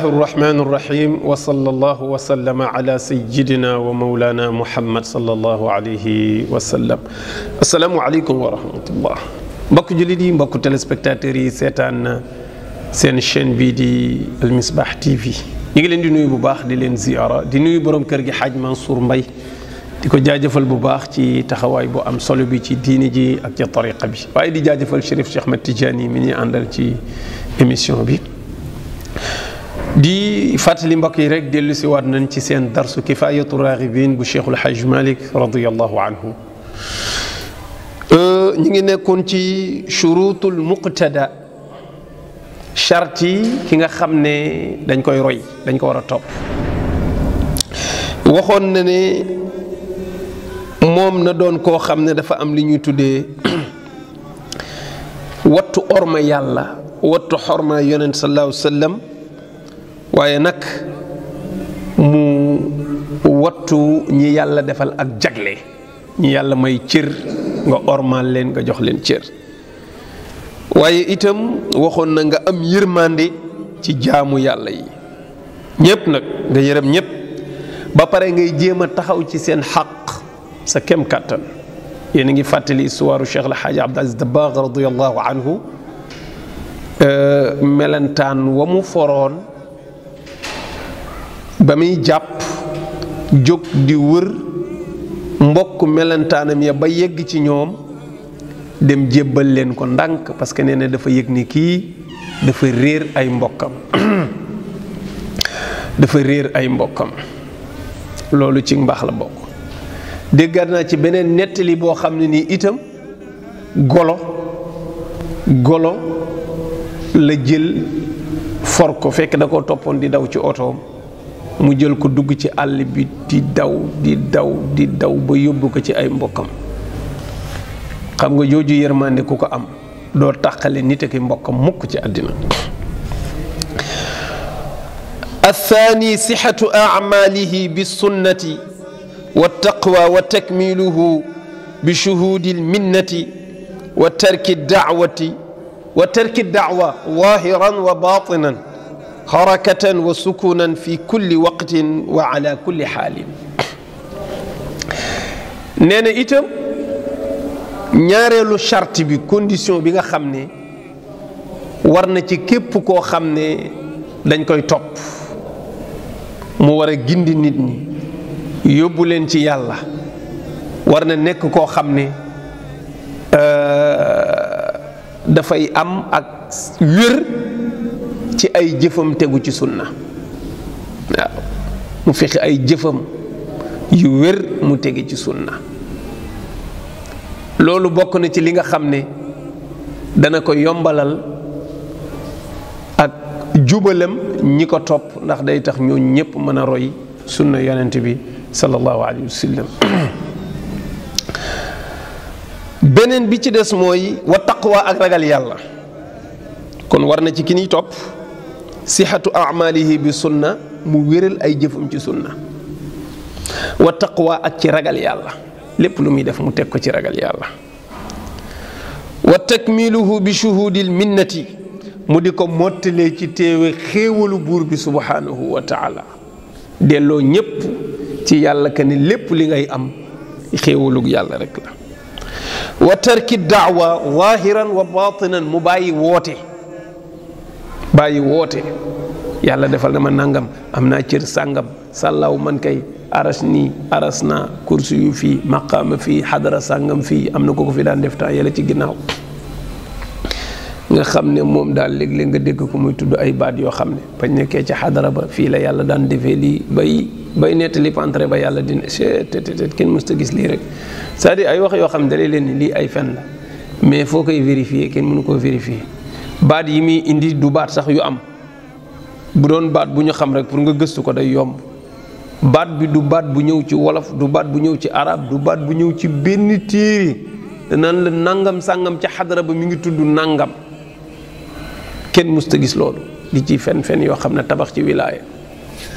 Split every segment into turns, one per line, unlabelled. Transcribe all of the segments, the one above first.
الله الرحمن الرحيم وصلى الله وسلم على سيدنا ومولانا محمد صلى الله عليه وسلم السلام عليكم ورحمة الله بكو جليدي بكو تلسبكتاتري سيتان سين شين بيدي المصباح تي في نيغلين دي نوي بو باخ دي لين زياره دي نوي بروم كيرغي حاج منصور مباي ديكو جاجيفال بو باخ تي تخاواي بو ام سولو بي تي ديني جي اك تي طريقه بي واي دي جاجيفال شريف شيخ متجاني مني اندال تي ايميسيون بي di fàttali mbokk yi rek dellu si waat nañ ci seen darsu kifaayatu raaxibin bu cheikhul xaj malik radiallahu anhu ñi ngi nekkoon ci churutul muqtada charte yi ki nga xam ne dañ koy roy dañ ko war a topp waxoon na ne moom na doon koo xam ne dafa am li ñuy tuddee wattu orma yàlla wattu xorma yonent sallallahu sallam waaye nag mu wattu ñi yàlla defal ak jagle ñi yàlla may cër nga ormaal leen nga jox leen cër waaye itam waxoon na nga am yërmande ci jaamu yàlla yi ñépp nag nga yërëm ñépp ba pare ngay jéem a taxaw ci seen xaq sa kem kàttan yéen a ngi fàttali histoire Cheikh El Hadj Abdou Aziz Dabakh radiyallahu anhu euh, melentaan wa mu foroon ba muy jàpp jóg di wër mbokk melentaanam ya ba yegg ci ñoom dem jébbal leen ko ndànk parce que nee dafa yëg ni kii dafa réer ay mbokkam dafa réer ay mbokkam loolu ci mbaax la bokk déggaat naa ci beneen nettali boo xam ne nii itam golo golo la jël for ko fekk da koo toppoon di daw ci otoom mu jël ko dugg ci àll bi di daw di daw di daw ba yóbbu ko ci ay mbokam xam nga jooju yërmande ku ko am doo tàqale nit ak mbokam mukk ci àddina الثاني صحة أعماله بالسنة والتقوى وتكميله بشهود المنة وترك الدعوة وترك الدعوة ظاهرا وباطنا harakatan wa sukunan fi kulli waqtin wa ala kulli xaalin nee itam ñaareelu charte bi condition bi nga xam ne war na ci képp koo xam ne dañ koy topp mu war a gindi nit ñi yóbbu leen ci yàlla war na nekk koo xam ne euh, dafay am ak wér ci ay jëfam tegu ci sunna waaw mu fexe ay jëfam yu wér mu tege ci sunna loolu bokk na ci li nga xam ne dana ko yombalal ak jubalam ñi ko topp ndax day tax ñoo ñépp mën a roy sunna yonent bi sallallahu alayhi wa beneen bi ci des mooy wa taqwa ak ragal yàlla kon war na ci ki niy topp sixatu amalihi bi sunna mu wéral ay jëfam ci sunna wa taqwa ak ci ragal yàlla lépp lu muy def mu teg ko ci ragal yàlla wa takmiluhu bi shuhudil mu di ko mottalee ci téewe xéewalu buur bi wa taala delloo ñépp ci yàlla ka ne lépp li ngay am xéewalug yàlla rek la wa tarki daawa zahiran wa batinan mu bàyyi woote bàyyi woote yàlla defal na ma nangam am naa cër sàngam sàllaaw man kay aras nii aras naa kursi yu fii maqaama fii xadara sàngam fii am na ko ko fi daan def temps yàlla ci ginnaaw nga xam ne moom daal léeg-léeg nga dégg ko muy tudd ay baat yoo xam ne bañ nekkee ci xadara ba fii la yàlla daan defee lii bay bay nettali pentre ba yàlla dina tet kenn mës ta gis lii rek cest à ay wax yoo xam ne dalee leen ni lii ay fen la mais foo koy vérifier kenn mënu koo vérifier baat yi muy indi du baat sax yu am bu doon baat bu ñu xam rek pour nga gëstu ko day yomb baat bi du baat bu ñëw ci wolof du baat bu ñëw ci arab du baat bu ñëw ci benn téere nan la nangam sàngam ca xadara ba mu ngi tudd nangam kenn musta gis loolu di ci fen fen yoo xam ne tabax ci wilaaya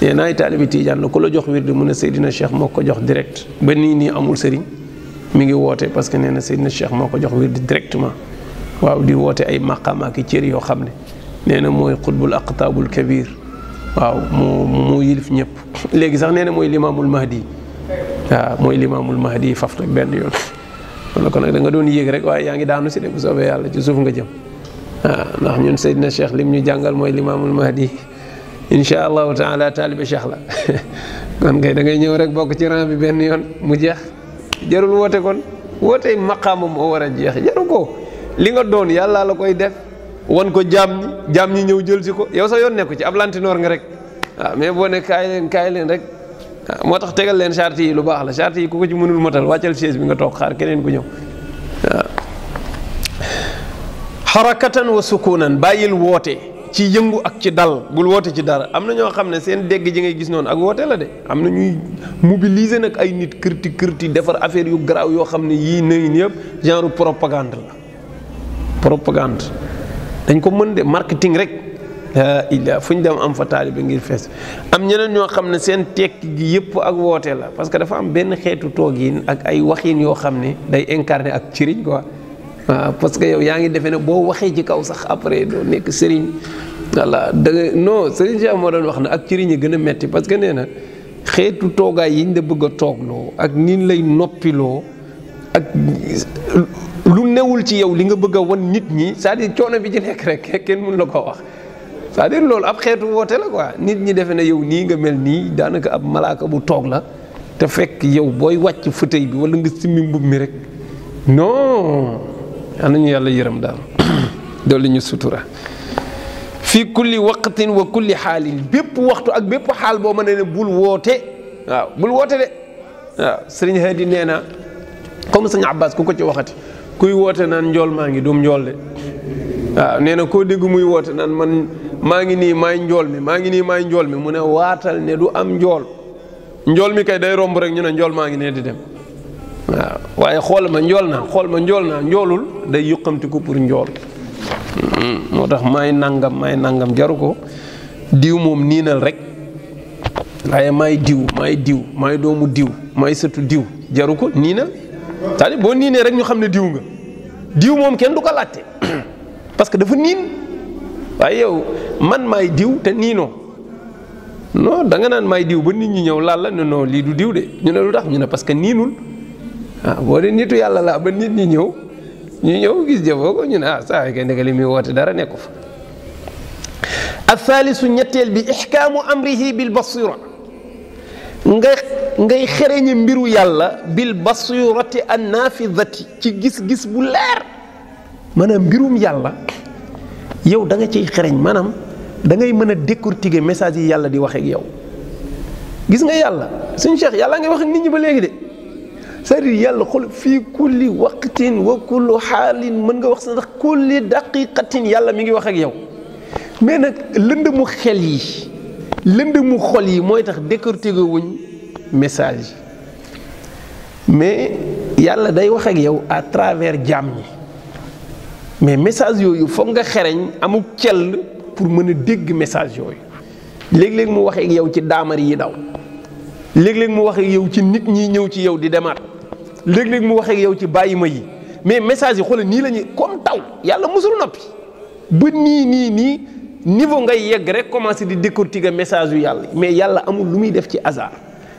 nee naay taalibi tiijaan la ku la jox wird mu ne Seydina Cheikh moo ko jox direct ba nii nii amul sëriñ mi ngi wootee parce que nee na Seydina Cheikh moo ko jox wird directement waaw di woote ay maqam ak cër yoo xam ne nee na mooy xutbul aqtaabul kabir waaw mu mu yilif ñëpp léegi sax nee na mooy limaamul mahdi waaw mooy limaamul mahdi faf nag benn yoon wala ko nag da nga doon yéeg rek waaye yaa ngi daanu si de bu soobee yàlla ci suuf nga jëm waaw ndax ñun seydina cheikh lim ñu jàngal mooy limaamul mahdi insha allahu taala taalibe cheikh la kon ngay da ngay ñëw rek bokk ci rang bi benn yoon mu jeex jarul woote kon wote maqaama moo war a jeex jaru li nga doon yàlla la koy def wan ko jaam ñi jaam ñi ñëw jël si ko yow sax yoon nekku ci ab lantinoor nga rek waaw mais boo ne kaay leen kaay leen rek moo tax tegal leen charte yi lu baax la charte yi ku ko ci mënul motal wàccal chaise bi nga toog xaar keneen ku ñëw waaw xarakatan wa sukunan bàyyil woote ci yëngu ak ci dal bul woote ci dara am na ñoo xam ne seen dégg ji ngay gis noonu ak woote la de am na ñuy mobiliser nag ay nit kërti kërti defar affaire yu garaaw yoo xam ne yii nañ yëpp genre propagande propagande dañ ko mën de marketing rek illa fu ñu dem am fa taalibe ngir fees am ñeneen ñoo xam ne seen tekk gi yëpp ak woote la parce que dafa am benn xeetu toogiin ak ay waxin yoo xam ne day incarné ak ciriñ quoi waaw parce que yow yaa ngi defee ne boo waxee ci kaw sax après doo nekk sëriñ voilà da nga non sëriñ Cheikh moo doon wax ne ak ciriñ yi gën a metti parce que nee na xeetu toogaay yiñ da bëgg a toogloo ak nin lay noppiloo ak newul ci yow li nga bëgg a wan nit ñi cest à coono bi ci nekk rek kenn mun la koo wax cest loolu ab xeetu woote la quoi nit ñi defe ne yow nii nga mel nii daanaka ab malaaka bu toog la te fekk yow booy wàcc fauteuil bi wala nga simmi mbub mi rek non anañu yàlla yërëm daal dolli ñu sutura fii kulli waqtin wa kulli xaalin bépp waxtu ak bépp xaal boo mën ne bul woote waaw bul woote de waaw sëriñ Hadi nee na comme sëñ Abbas ku ko ci waxati kuy woote naan njool maa ngi dum njool de waaw nee na koo dégg muy woote naan man maa ngi nii maay njool mi maa ngi nii maay njool mi mu ne waatal ne du am njool njool mi kay day romb rek ñu ne njool maa ngi nee di dem waaw waaye xool ma njool naa xool ma njool naa njoolul day yuqamti ko pour njool hmm, moo tax maay nangam maay nangam jaru ko diw moom niinal rek waaye maay diw maay diw maay doomu diw maay sëtu diw jaru ko niinal cest à boo niinee rek ñu xam ne diw nga diw moom kenn du ko laajte parce que dafa niin waaye yow man maay diw te niinoo non da nga naan maay diw ba nit ñi ñëw laal la ne lii du diw de ñu ne tax ñu ne parce que niinul ah boo dee yàlla laa ba nit ñi ñëw ñu ñëw gis jëfoo ko ñu ne ah saa kay ndeke li muy dara nekku fa athaalisu ñetteel bi ixkaamu amrihi bil basira ngay xereñe mbiru yàlla bil basirati annafidhati ci gis-gis bu leer manam mbirum yàlla yow da nga ci xereñ manam da ngay mën a décortiquer message yi yàlla di wax ak yow gis nga yàlla suñu cheikh yàlla ngay wax ak nit ñi ba légui de sari yalla xool fi kulli waqtin wa kullu halin mën nga wax sax kulli daqiqatin yàlla mi ngi wax ak yow mais nak lende mu xel yi lende mu xol yi moy tax décortiquer wuñ message mais yàlla day wax ak yow à travers jaam ñi mais message yooyu foog nga xereñ amuk cell pour mën a dégg message yooyu léeg-léeg mu waxeek ak yow ci daamar yi daw léeg-léeg mu wax ak yow ci nit ñi ñëw ci yow di demaat léeg-léeg mu wax yow ci bàyyi ma yi mais message yi xoolal nii la ñuy comme taw yàlla mosul noppi ba nii nii nii niveau ngay yegg rek commencé di décortiquer message yu yàlla mais yàlla amul lu muy def ci hasard.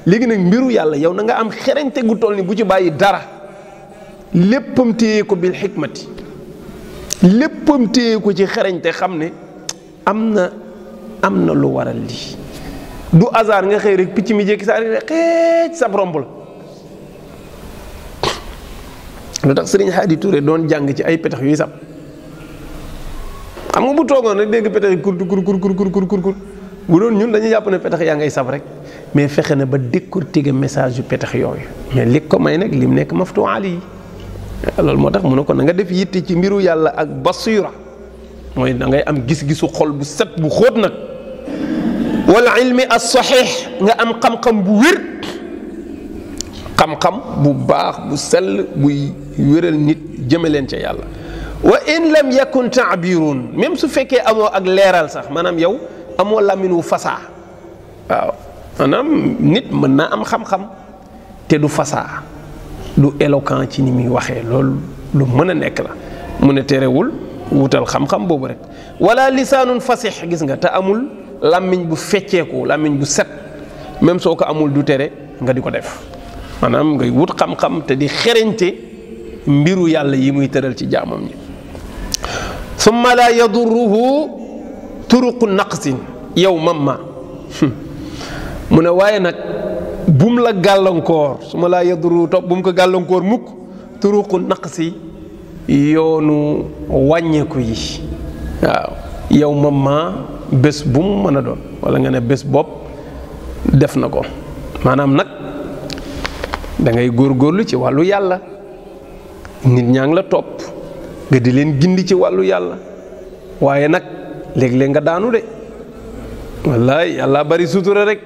léegi nag mbiru yàlla yow na nga am xerañte gu toll ni bu ci bàyyi dara léppam téye ko bil xikmati léppam téye ko ci xerañte xam ne am na am na lu waral lii du hasard nga xëy rek picc mi jékki saa rek xeec sab romb la lu tax sëriñ Xaadi Touré doon jàng ci ay petax yuy sab xam nga bu toogoon rek dégg petax yi kur kur kur kur kur bu doon ñun dañuy jàpp ne petax yaa ngay sab rek mais fexe na ba décortiquer message yu petax yooyu mais li ko may nag lim nekk maftu ali loolu moo tax mu ne ko na nga def yitte ci mbiru yàlla ak basira mooy da ngay am gis-gisu xol bu set bu xóot nag wal ilmi as saxiix nga am xam-xam bu wér xam-xam bu baax bu sell buy wéral nit jëme leen ca yàlla wa in lam yakun taabirun même su fekkee amoo ak leeral sax maanaam yow amo laminu fasa waaw maanaam nit mën na am xam-xam te du fasa du éloquent ci ni muy waxee loolu lu meuna nek la mu tere wul wutal xam-xam bobu rek wala lisanun fasih gis nga ta amul làmmiñ bu fecceeku làmmiñ bu set même soko amul du tere nga diko def manam ngay wut xam-xam te di xereñte mbiru yàlla yi muy tëral ci jaamam ñi ثم لا يضره turuqu naqsin yow mama. mu ne waaye nag bum la gàllankoor su ma laa yaduru topp bum ko gàllankoor mukk turuqu naqsi yoonu wàññeeku yi waaw yow mamma bés bum mën a doon wala nga ne bés bopp def na ko maanaam nag da ngay góorgóorlu ci wàllu yàlla nit ñaa ngi la topp nga di leen gindi ci wàllu yàlla waaye nag leg leg nga daanu de wallahi yalla bari sutura rek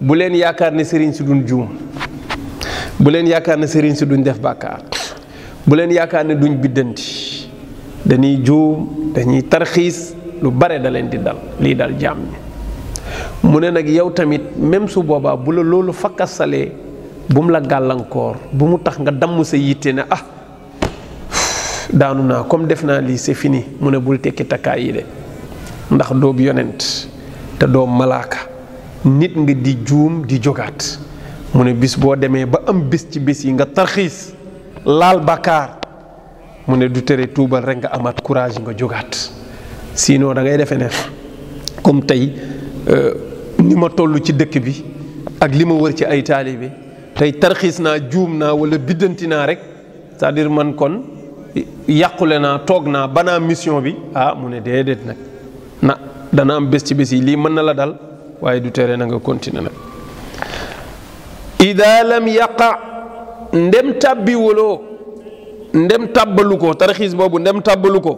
bu len yakar ne serigne si duñ juum bu len yakar ne serigne si def bàkkaar bu len yakar ne duñ bidanti dañuy djum dañuy lu bare da len di dal li dal jam ni mune nak yow tamit même su boba bu la fakassale bu la galankor bu mu tax nga sa na ah daanu na comme def li c'est fini mune bul tekki takay de ndax doog yonent te doo malaaka nit nga di juum di jógaat mu ne bis boo demee ba am bis ci bis yi nga tarxiis laal bàkkaar mu ne du tere tuubal rek nga amaat courage nga jógaat sinon da ngay defe ne comme tey euh, ni ma toll ci dëkk bi ak li ma wër ci ay bi tey tarxiis naa juum naa wala biddanti naa rek cest à man kon yàqule naa toog naa banaa mission bi ah mu ne déedéet nag na dana am bés ci bés yi lii mën na la dal waaye du tere na nga continuer nag ida lam yaqa ndem tàbbi waloo ndem tàbbalu ko tarxiis boobu ndem tàbbalu ko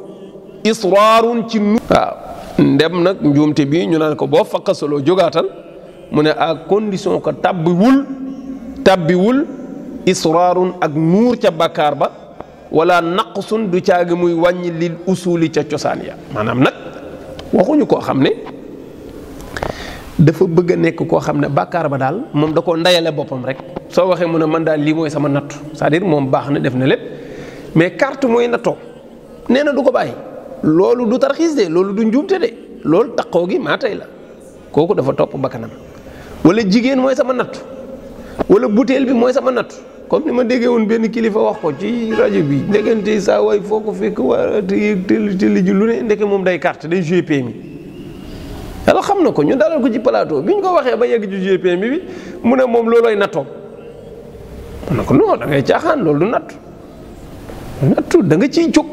israarun ci nu waaw ndem nag njuumte bi ñu naan ko boo fakkasaloo jógaatal mu ne à condition que tàbbiwul tàbbiwul israarun ak nuur ca bakkaar ba wala naqsun du caagi muy wàññi lil usuli ca cosaan ya maanaam nag waxuñu koo xam ne dafa bëgg a nekk koo xam ne bàkkaar ba daal moom da koo ndayale boppam rek soo waxee mu ne man daal lii mooy sama nattu cest à moom baax na def na lépp mais carte mooy nattoo nee na du ko bàyyi loolu du tarxiis de loolu du njuumte de loolu taqoo gi maa la kooku dafa topp bakkanam wala jigéen mooy sama nattu wala butéel bi mooy sama nattu comme ni ma déggee woon benn kilifa wax ko ci rajo bi ndekente saa waay foo ko fekk waa télé télé ji lu ne ndeke moom day carte day joué PMI xam na ko ñu dalal ko ci plateau bi ñu ko waxee ba yegg ci joué PMI mu ne moom loolooy nattoom ma ne ko non da ngay caaxaan loolu du natt nattu da ciy jóg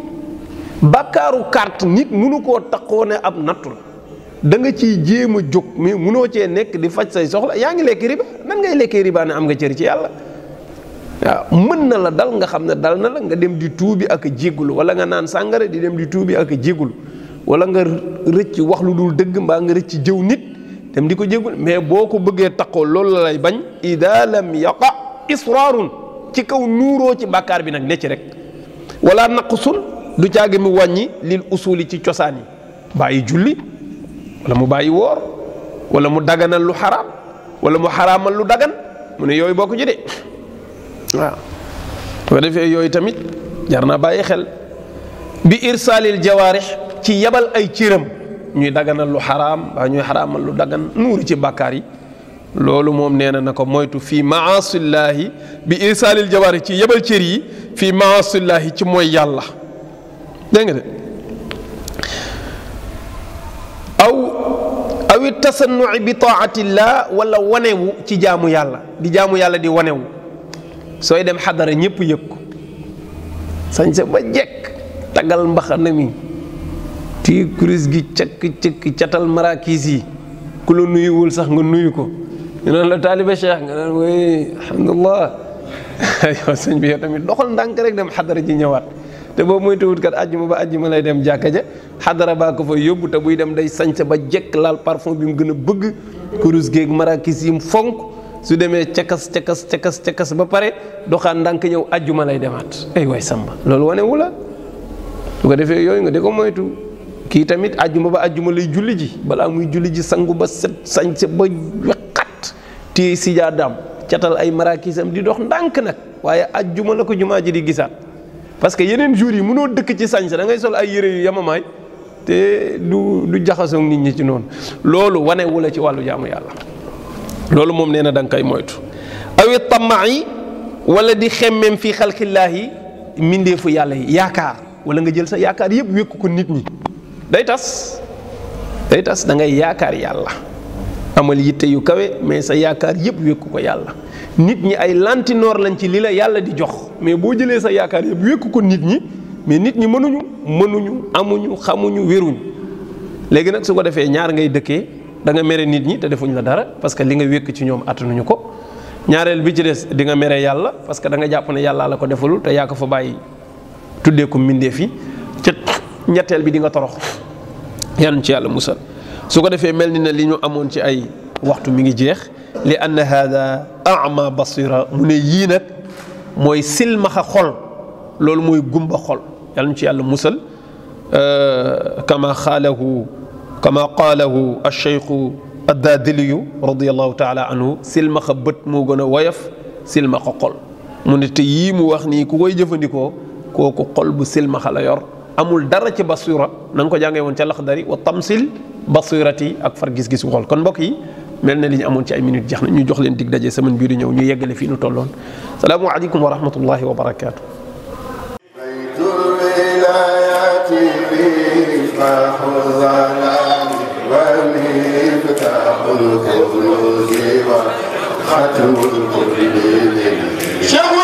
bàkkaaru carte nit mënu koo taxoo ne ab nattu la da nga ciy jéem a jóg mais munoo cee nekk di faj say soxla yaa ngi lekk riba nan ngay lekkee riba ne am nga cër ci yàlla waaw mën na la dal nga xam ne dal na la nga dem di tuubi ak a jéggulu wala nga naan sàngara di dem di tuubi ak a jéggulu wala nga rëcc wax lu dul dëgg mbaa nga rëcc jëw nit dem di ko jéggul mais boo ko bëggee takkoo loolu la lay bañ ida lam yaqa israarun ci kaw nuuroo ci bàkkaar bi nag ne rek walla naq naqusul du caagi mu wàññi lil usuli ci cosaan yi bàyyi julli wala mu bàyyi woor wala mu daganal lu xaraam wala mu xaraamal lu dagan mu ne yooyu boo ko jëlee waaw yooyu tamit jar naa bàyyi xel bi irsaalil jawaarix ci yebal ay cëram ñuy daganal lu xaraam waa ñuy xaraamal lu dagan nuuru ci bàkkaar yi loolu moom neena na ko moytu fii maasillaahi bi irsaalil jawaarix ci yabal cër yi fii maasillaahi ci mooy yàlla dégg nga de aw awi tasannuci bi taatillah wala wanewu ci jaamu yàlla di jaamu yàlla di wanewu sooy dem xadara ñëpp yëg ko sañse ba jekk tagal mbaxana mi tii kuris gi cëkk cëkk catal marakiis yi ku la nuyuwul sax nga nuyu ko ñu naan la taaliba cheikh nga naan wéy alhamdulillah yow sëñ bi yow tamit doxal ndànk rek dem xadara ji ñëwaat te boo mooy tawut kat àjjuma ba àjjuma lay dem jàkka ja xadara baa ko fa yóbbu te buy dem day sañse ba jekk laal parfum bi mu gën a bëgg kurus géeg marakiis yi mu fonk su demee cakas cakas cakas cakas ba pare doxaat ndànk ñëw ajjuma lay demaat ay waay samba loolu wane wu la su ko defee yooyu nga di ko moytu kii tamit ajjuma ba ajjuma lay julli ji balaa muy julli ji sangu ba set sañse ba wexat téye sijaadaam catal ay maraakisam di dox ndànk nag waaye ajjuma la ko jumaa ji di gisaat parce que yeneen jours yi mënoo dëkk ci sañse dangay sol ay yére yu yamamaay te du du jaxasoo nit ñi ci noonu loolu wane wu la ci wàllu jaamu yàlla loolu moom nee na da koy moytu awi tamaa yi wala di xemmeem fii xalqillaahi mindeefu yàlla yi yaakaar wala nga jël sa yaakaar yëpp wékk ko nit ñi day tas day tas da yaakaar yàlla amal yitte yu kawe mais sa yaakaar yëpp wékku ko yàlla nit ñi ay lantinoor lañ ci li la yàlla di jox mais boo jëlee sa yaakaar yëpp wékku ko nit ñi mais nit ñi mënuñu mënuñu amuñu xamuñu wéruñu léegi nag su ko defee ñaar ngay dëkkee da nga méré nit ñi té defuñ la dara parce que li nga wék ci ñom atunu ñuko ñaareel bi ci des di nga méré yalla parce que da nga japp né yalla la ko defalul té ya ko fa bayyi tuddé ko mindé fi ci ñetteel bi di nga torox yan ci yalla musal su ko défé melni ni li ñu amon ci ay waxtu mi ngi jeex li an hada ama basira mune yi nak moy mooy silmaxa xol loolu gumba xol yàlla ci yalla musal euh, kama khalahu كما قاله الشيخ الدادلي رضي الله تعالى عنه سلم خبت موغن ويف سلم قول من تييم وخني كوي جفنديكو كوكو قلب سلم خلا يور امول دار تي بصيره نانكو جانغي وون تي لخداري وتمثيل بصيرتي اك فر غيس غيس خول كون بوكي ملنا لي امون تي اي مينوت جخنا ني جوخ لين ديك داجي سمن بي دي نيو ني ييغلي في نو تولون السلام عليكم ورحمه الله وبركاته بيت الولايات في فحوزان Shall we?